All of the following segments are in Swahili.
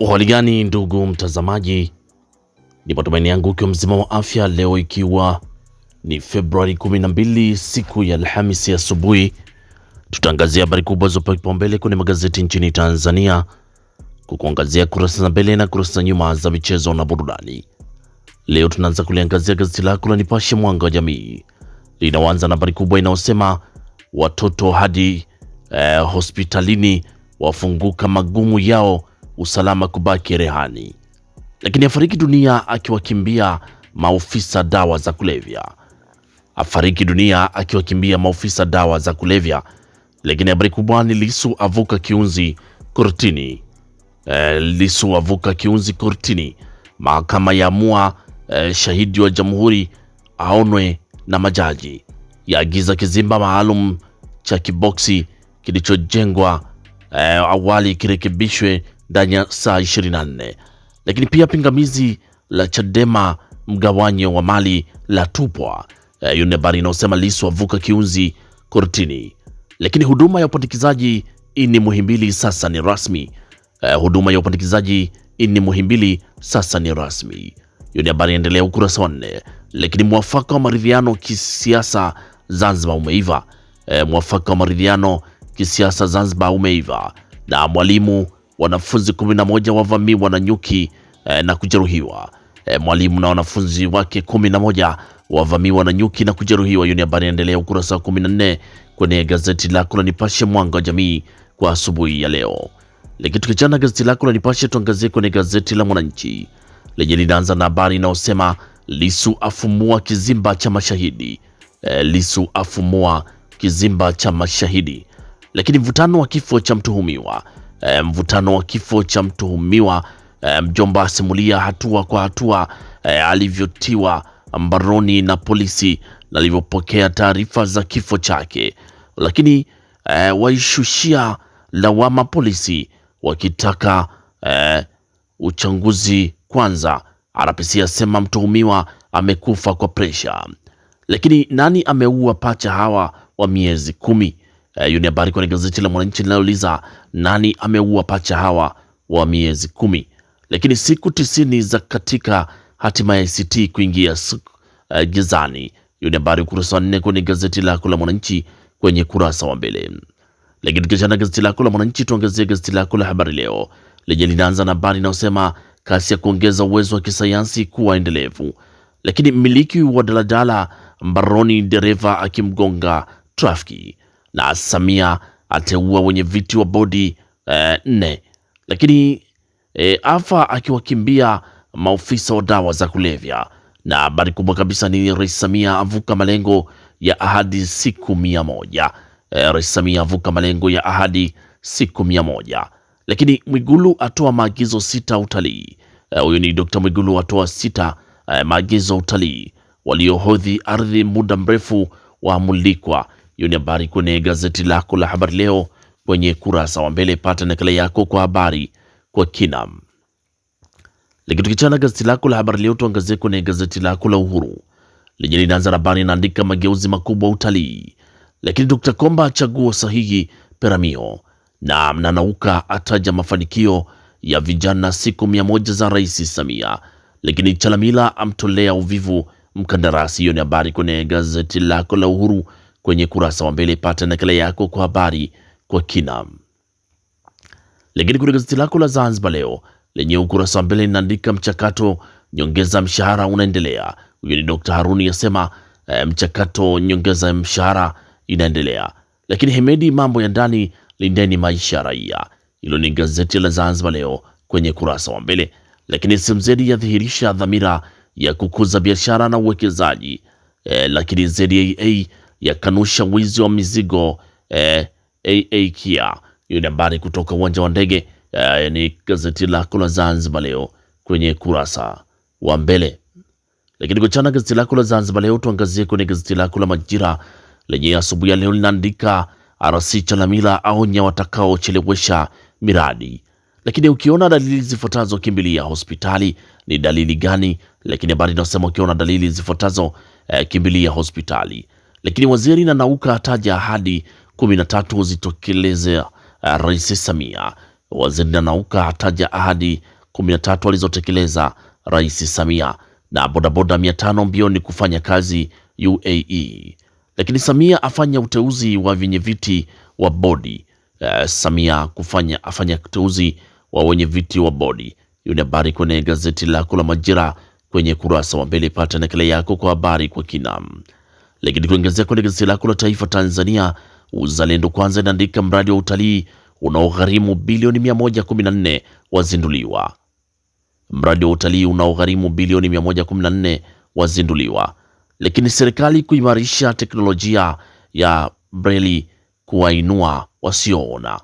Uhali gani ndugu mtazamaji, ni matumaini yangu ukiwa mzima wa afya leo, ikiwa ni Februari 12 siku ya Alhamisi asubuhi, tutaangazia habari kubwa zopewa kipaumbele kwenye magazeti nchini Tanzania, kukuangazia kurasa za mbele na kurasa za nyuma za michezo na burudani. Leo tunaanza kuliangazia gazeti lako la Nipashe Mwanga wa Jamii, linaanza na habari kubwa inayosema watoto hadi eh, hospitalini wafunguka magumu yao usalama kubaki rehani, lakini afariki dunia akiwakimbia maofisa dawa za kulevya. Afariki dunia akiwakimbia maofisa dawa za kulevya. Lakini habari kubwa ni lisu avuka kiunzi kortini. E, eh, Lisu avuka kiunzi kortini. Mahakama yaamua e, eh, shahidi wa jamhuri aonwe na majaji. Yaagiza kizimba maalum cha kiboksi kilichojengwa e, awali kirekebishwe ndani ya saa 24, lakini pia pingamizi la Chadema mgawanyo wa mali la tupwa. Eh, hiyo ni habari inayosema Lissu avuka kiunzi kortini. Lakini huduma ya upandikizaji ini Muhimbili sasa ni rasmi. Uh, huduma ya upandikizaji ini Muhimbili sasa ni rasmi. Hiyo ni habari inaendelea ukurasa wa nne. Lakini mwafaka wa maridhiano kisiasa Zanzibar umeiva. Uh, mwafaka wa maridhiano kisiasa Zanzibar umeiva. Na mwalimu Wanafunzi 11 wavamiwa na nyuki eh, na kujeruhiwa. Eh, mwalimu na wanafunzi wake 11 wavamiwa na nyuki na kujeruhiwa. Hiyo ni habari inaendelea ukurasa wa 14 kwenye gazeti lako la Nipashe mwanga wa jamii kwa asubuhi ya leo. Lakini tukichana gazeti lako la Nipashe, tuangazie kwenye gazeti la Mwananchi lenye linaanza na habari inayosema Lisu afumua kizimba cha mashahidi. E, Lisu afumua kizimba cha mashahidi. Lakini mvutano wa kifo cha mtuhumiwa e, mvutano wa kifo cha mtuhumiwa e, mjomba asimulia hatua kwa hatua e, alivyotiwa mbaroni na polisi na alivyopokea taarifa za kifo chake, lakini e, waishushia lawama polisi wakitaka e, uchunguzi kwanza. RPC asema mtuhumiwa amekufa kwa presha, lakini nani ameua pacha hawa wa miezi kumi? Eh, hiyo ni habari kwenye gazeti la Mwananchi linalouliza nani ameua pacha hawa wa miezi kumi. Lakini siku tisini za katika hatima ya ICT kuingia uh, gizani. Hiyo ni habari ukurasa wa nne kwenye gazeti lako la Mwananchi kwenye kurasa wa mbele. Lakini tukiachana gazeti lako la Mwananchi, tuangazie gazeti lako la Habari Leo lenye linaanza na habari inayosema kasi ya kuongeza uwezo wa kisayansi kuwa endelevu. Lakini mmiliki wa daladala mbaroni, dereva akimgonga trafiki na Samia ateua wenye viti wa bodi eh, nne. Lakini eh, afa akiwakimbia maofisa wa dawa za kulevya, na habari kubwa kabisa ni Rais Samia avuka malengo ya ahadi siku mia moja. Eh, Rais Samia avuka malengo ya ahadi siku mia moja. Lakini Mwigulu atoa maagizo sita utalii. Eh, huyu eh, ni Dr. Mwigulu atoa sita eh, maagizo utalii. Waliohodhi ardhi muda mrefu mulikwa hiyo ni habari kwenye gazeti lako la Habari Leo kwenye kurasa wa mbele. Pata nakala yako kwa habari kwa kina. Lakini tukichana gazeti lako la Habari Leo, tuangazie kwenye gazeti lako la Uhuru lenye linaanza na habari inaandika mageuzi makubwa utalii, lakini Dr. Komba chaguo sahihi Peramio na Mnanauka ataja mafanikio ya vijana siku mia moja za Rais Samia, lakini Chalamila amtolea uvivu mkandarasi. Hiyo ni habari kwenye gazeti lako la Uhuru kwenye kurasa wa mbele. Pata nakala yako kwa habari kwa kina. Lakini kwenye gazeti lako la Zanzibar Leo lenye ukurasa wa mbele linaandika mchakato nyongeza mshahara unaendelea. Huyo ni Dr. Haruni asema e, eh, mchakato nyongeza mshahara inaendelea. Lakini Hemedi mambo ya ndani, lindeni maisha raia. Hilo ni gazeti la Zanzibar Leo kwenye kurasa wa mbele. Lakini SMZ yadhihirisha dhamira ya kukuza biashara na uwekezaji. E, lakini ZAA yakanusha wizi wa mizigo eh, AA Kia. Hiyo ni habari kutoka uwanja wa ndege eh, ni gazeti lako la Zanzibar Leo kwenye kurasa wa mbele. Lakini kuchana gazeti lako la Zanzibar Leo, tuangazie kwenye gazeti lako la Majira lenye asubuhi ya leo linaandika RC Chalamila aonya watakaochelewesha miradi. Lakini ukiona dalili zifuatazo kimbilia hospitali. Ni dalili gani? Lakini habari inasema ukiona dalili zifuatazo eh, kimbilia hospitali. Lakini waziri Nanauka ataja ahadi kumi na tatu zitokeleze uh, Rais Samia. Waziri Nanauka ataja ahadi kumi na tatu alizotekeleza Rais Samia. Na bodaboda mia tano mbioni kufanya kazi UAE. Lakini Samia afanya uteuzi wa wenyeviti wa bodi. Uh, Samia kufanya afanya uteuzi wa wenyeviti wa bodi. Hiyo ni habari kwenye gazeti lako la Majira kwenye kurasa wa mbele. Pata nakala yako kwa habari kwa kina. Lakini kuongezea kwenye gazeti lako la taifa Tanzania, Uzalendo Kwanza inaandika mradi wa utalii unaogharimu bilioni 114 wazinduliwa. Mradi wa utalii unaogharimu bilioni 114 wazinduliwa. Lakini serikali kuimarisha teknolojia ya breli kuwainua wasioona.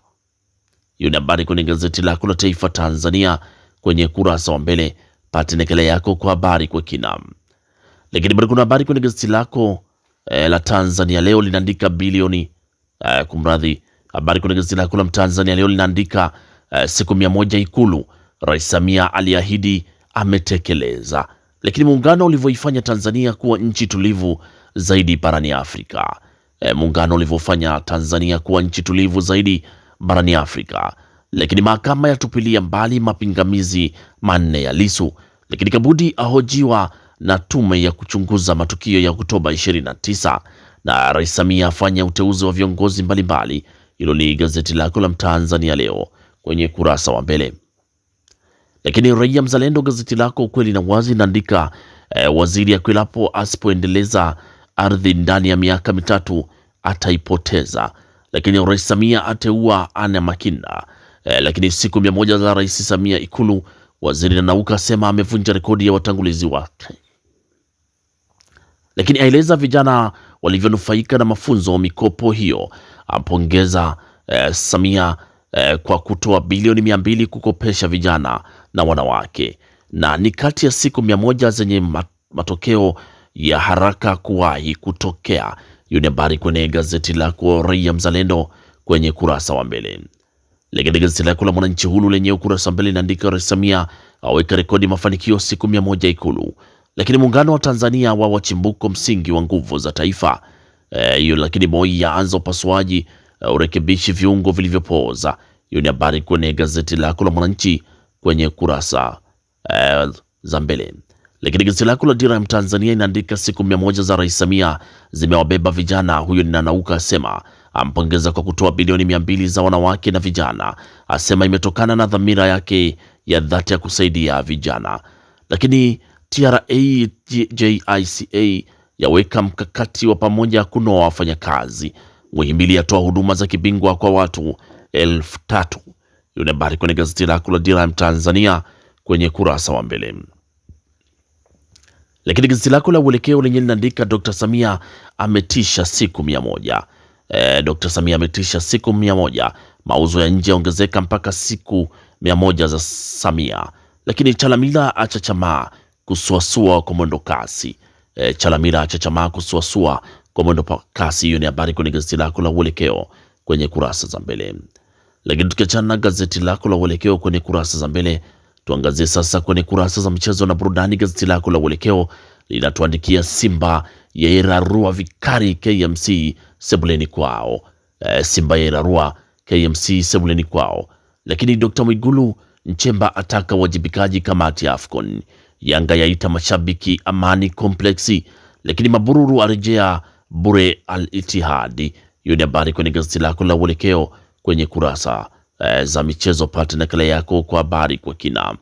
Hiyo ni habari kwenye gazeti lako la taifa Tanzania kwenye kurasa wa mbele. Pate nakala yako kwa habari kwa kina. Lakini bado kuna habari kwenye gazeti lako eh, la Tanzania leo linaandika bilioni eh, kumradhi, habari kwenye gazeti lako la Mtanzania leo linaandika eh, siku mia moja Ikulu, Rais Samia aliahidi ametekeleza, lakini muungano ulivyoifanya Tanzania kuwa nchi tulivu zaidi barani Afrika. E, muungano ulivyofanya Tanzania kuwa nchi tulivu zaidi barani Afrika. Lakini mahakama yatupilia mbali mapingamizi manne ya Lisu. Lakini Kabudi ahojiwa na tume ya kuchunguza matukio ya Oktoba 29 na Rais Samia afanya uteuzi wa viongozi mbalimbali. Hilo ni gazeti lako la Mtanzania leo kwenye kurasa wa mbele. Lakini Raia Mzalendo, gazeti lako ukweli na wazi, inaandika eh, waziri akilapo asipoendeleza ardhi ndani ya miaka mitatu ataipoteza. Lakini Rais Samia ateua Anne Makinda. Eh, lakini siku mia moja za Rais Samia Ikulu, waziri Nanauka asema amevunja rekodi ya watangulizi wake lakini aeleza vijana walivyonufaika na mafunzo mikopo hiyo. Ampongeza eh, Samia eh, kwa kutoa bilioni mia mbili kukopesha vijana na wanawake, na ni kati ya siku mia moja zenye matokeo ya haraka kuwahi kutokea. Hiyo ni habari kwenye gazeti lako Raia Mzalendo kwenye kurasa wa mbele. Lakini gazeti lako la Mwananchi hulu lenye ukurasa wa mbele inaandika Rais Samia aweka rekodi mafanikio siku mia moja Ikulu, lakini muungano wa Tanzania wawa chimbuko msingi wa nguvu za taifa e, hiyo. E, lakini MOI yaanza upasuaji uh, urekebishi viungo vilivyopooza. Hiyo ni habari kwenye gazeti lako la Mwananchi kwenye kurasa uh, za mbele. Lakini gazeti lako la Dira ya Mtanzania inaandika siku mia moja za Rais Samia zimewabeba vijana. Huyo ni Nanauka asema ampongeza kwa kutoa bilioni mia mbili za wanawake na vijana, asema imetokana na dhamira yake ya dhati ya kusaidia vijana. Lakini TRA JICA yaweka mkakati wa pamoja kunoa wafanyakazi. Muhimbili yatoa huduma za kibingwa kwa watu elfu tatu. Hiyo ni habari kwenye gazeti lako la Dira ya Mtanzania kwenye kurasa wa mbele. Lakini gazeti lako la Uelekeo lenye linaandika Dr. Samia ametisha siku mia moja. E, Dr. Samia ametisha siku mia moja. Mauzo ya nje yaongezeka mpaka siku mia moja za Samia. Lakini Chalamila achachamaa kusuasua kwa mwendo kasi. E, Chalamila chachamaa kusuasua kwa mwendo kasi. Hiyo ni habari kwenye gazeti lako la Uelekeo kwenye kurasa za mbele. Lakini tukiachana na gazeti lako la Uelekeo kwenye kurasa za mbele, tuangazie sasa kwenye kurasa za michezo na burudani. Gazeti lako la Uelekeo linatuandikia Simba yairarua vikari KMC sebuleni kwao. E, Simba yairarua KMC sebuleni kwao. Lakini Dr. Mwigulu Nchemba ataka wajibikaji kamati ya AFCON. Yanga yaita mashabiki amani kompleksi, lakini mabururu arejea bure Al Ittihad. Hiyo ni habari kwenye gazeti lako la Uelekeo kwenye kurasa e, za michezo. Pata nakala yako kwa habari kwa kina.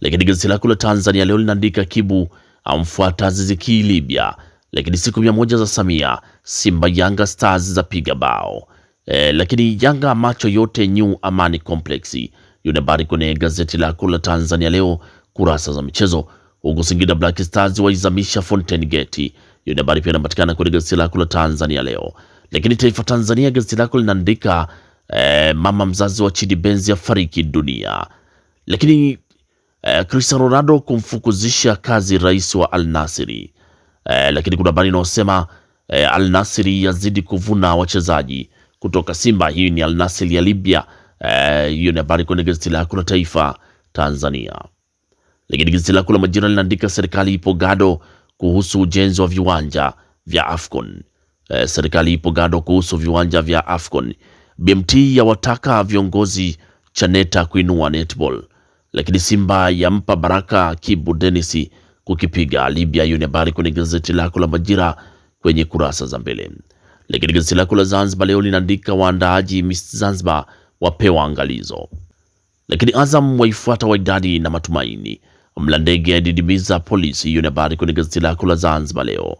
Lakini gazeti lako la Tanzania Leo linaandika Kibu amfuata Ziziki Libya, lakini siku mia moja za Samia, Simba Yanga Stars za piga bao e, lakini Yanga macho yote New Amani Complex. Hiyo ni habari kwenye gazeti lako la Tanzania Leo kurasa za michezo huku Singida Black Stars waizamisha Fountain Gate. Hiyo ni habari pia inapatikana kwenye gazeti lako la Tanzania Leo. Lakini Taifa Tanzania gazeti lako linaandika eh, mama mzazi wa Chidi Benz afariki dunia. Lakini eh, Cristiano Ronaldo kumfukuzisha kazi rais wa Al Nassr. Eh, lakini kuna habari inayosema eh, Al Nassr yazidi kuvuna wachezaji kutoka Simba. Hii ni Al Nassr ya Libya. Eh, hiyo eh, ni habari kwenye gazeti lako la Taifa Tanzania. Lakini gazeti lako la Majira linaandika serikali ipo gado kuhusu ujenzi wa viwanja vya Afcon. E, serikali ipo gado kuhusu viwanja vya Afcon. BMT yawataka viongozi Chaneta kuinua netball. Lakini Simba yampa baraka Kibu Dennis kukipiga Libya. Hiyo ni habari kwenye gazeti lako la Majira kwenye kurasa za mbele. Lakini gazeti lako la Zanzibar leo linaandika waandaaji Miss Zanzibar wapewa angalizo. Lakini Azam waifuata Waidadi na matumaini. Mlandege adidimiza polisi. Hiyo ni habari kwenye gazeti lako la Zanzibar Leo.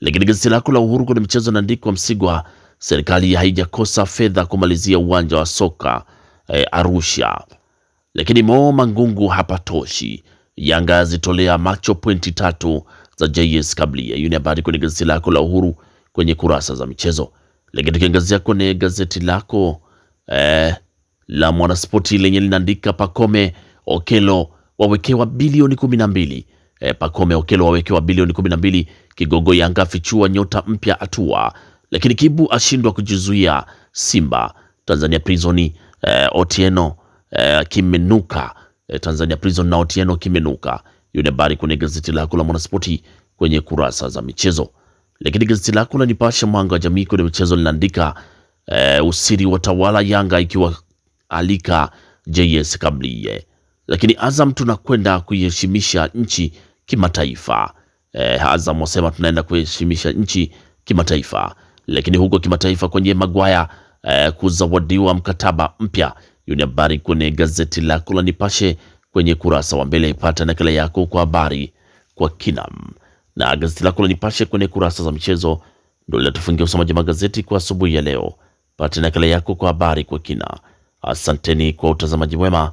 Lakini gazeti lako la Uhuru kwenye michezo naandikwa Msigwa, serikali haijakosa fedha kumalizia uwanja wa soka e, Arusha. Lakini Mo Mangungu hapatoshi, Yanga zitolea macho pointi tatu za JS Kabylie. Hiyo ni habari kwenye gazeti lako la Uhuru kwenye kurasa za michezo. Lakini tukiangazia kwenye gazeti lako eh, la Mwanaspoti lenye linaandika Pakome Okelo okay, wawekewa bilioni 12. na mbili. E, Pacome Okelo wawekewa bilioni 12. Kigogo Yanga fichua nyota mpya atua, lakini Kibu ashindwa kujizuia Simba. Tanzania Prison e, Otieno e, kimenuka e, Tanzania Prison na Otieno kimenuka. Hiyo ni habari kwenye gazeti lako la Mwanaspoti kwenye kurasa za michezo. Lakini gazeti lako la Nipashe mwanga wa jamii kwenye michezo linaandika e, usiri wa tawala Yanga ikiwa alika JS Kabliye lakini Azam tunakwenda kuiheshimisha nchi kimataifa. E, Azam wasema tunaenda kuheshimisha nchi kimataifa, lakini huko kimataifa kwenye Magwaya e, eh, kuzawadiwa mkataba mpya. Hiyo ni habari kwenye gazeti lako la Nipashe kwenye kurasa wa mbele. Ipata nakala yako kwa habari kwa kinam na gazeti lako la Nipashe kwenye kurasa za michezo ndio linatufungia usomaji magazeti kwa asubuhi ya leo. Pata nakala yako kwa habari kwa kina. Asanteni kwa utazamaji mwema